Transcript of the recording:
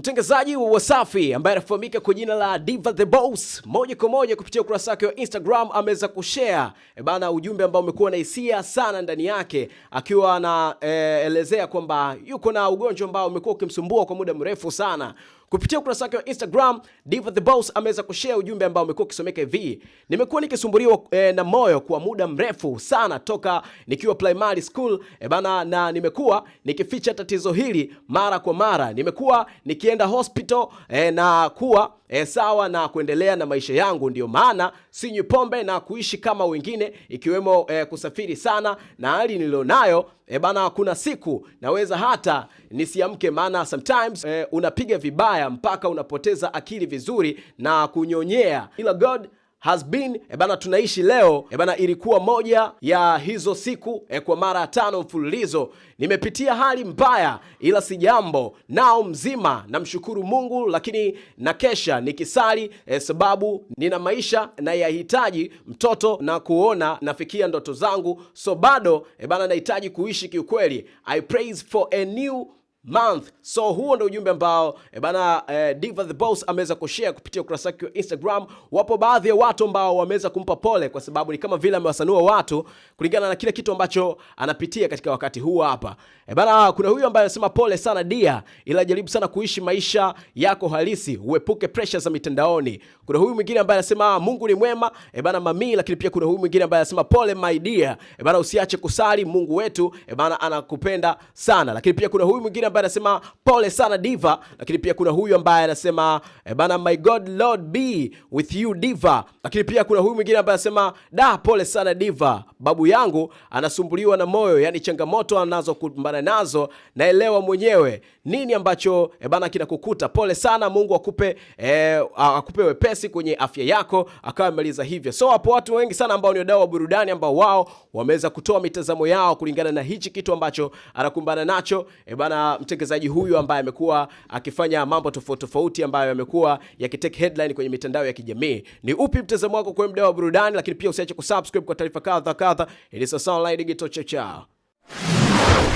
Mtangazaji wa Wasafi ambaye anafahamika kwa jina la Diva the Boss moja kwa moja kupitia ukurasa wake wa Instagram ameweza kushare e bana ujumbe ambao umekuwa na hisia sana ndani yake, akiwa anaelezea eh, e, kwamba yuko na ugonjwa ambao umekuwa ukimsumbua kwa muda mrefu sana. Kupitia ukurasa wake wa Instagram, Diva the Boss ameweza kushare ujumbe ambao umekuwa ukisomeka hivi: nimekuwa nikisumbuliwa e, na moyo kwa muda mrefu sana toka nikiwa primary school e bana, na nimekuwa nikificha tatizo hili mara kwa mara, nimekuwa niki nikienda hospital e, na kuwa e, sawa na kuendelea na maisha yangu. ndio maana sinywi pombe na kuishi kama wengine, ikiwemo e, kusafiri sana na hali nilionayo e, bana, kuna siku naweza hata nisiamke, maana sometimes e, unapiga vibaya mpaka unapoteza akili vizuri na kunyonyea, ila God has been e bana, tunaishi leo e bana, ilikuwa moja ya hizo siku e, kwa mara ya tano mfululizo nimepitia hali mbaya, ila si jambo nao mzima, namshukuru Mungu, lakini na kesha nikisali e, sababu nina maisha na yahitaji mtoto na kuona nafikia ndoto zangu, so bado e bana, nahitaji kuishi kiukweli. I praise for a new month. So huo ndio ujumbe ambao e, bana eh, Diva the Boss ameweza kushare kupitia ukurasa wake wa Instagram. Wapo baadhi ya watu ambao wameweza kumpa pole, kwa sababu ni kama vile amewasanua watu kulingana na kile kitu ambacho anapitia katika wakati huu hapa. eh, bana kuna huyu ambaye anasema pole sana dia, ila jaribu sana kuishi maisha yako halisi, uepuke pressure za mitandaoni. Kuna huyu mwingine ambaye anasema ah, Mungu ni mwema, eh, bana mami, lakini pia kuna huyu mwingine ambaye anasema pole my dear, eh, bana usiache kusali, Mungu wetu eh, bana anakupenda sana. Lakini pia kuna huyu mwingine ambaye anasema pole sana diva, lakini pia kuna huyu ambaye anasema eh, bana my god lord be with you diva, lakini pia kuna huyu mwingine ambaye anasema da, pole sana diva, babu yangu anasumbuliwa na moyo, yani changamoto anazokumbana nazo naelewa mwenyewe nini ambacho e bana kinakukuta. Pole sana, Mungu akupe e, akupe wepesi kwenye afya yako, akawa amaliza hivyo. So hapo watu wengi sana ambao ni wadau wa burudani ambao wao wameweza kutoa mitazamo yao kulingana na hichi kitu ambacho anakumbana nacho e bana mtangazaji huyu ambaye amekuwa akifanya mambo tofauti tofauti ambayo yamekuwa yakiteka headline kwenye mitandao ya kijamii. Ni upi mtazamo wako kwa mda wa burudani? Lakini pia usiache kusubscribe kwa taarifa kadha kadha ili sasa Online digital chao chao.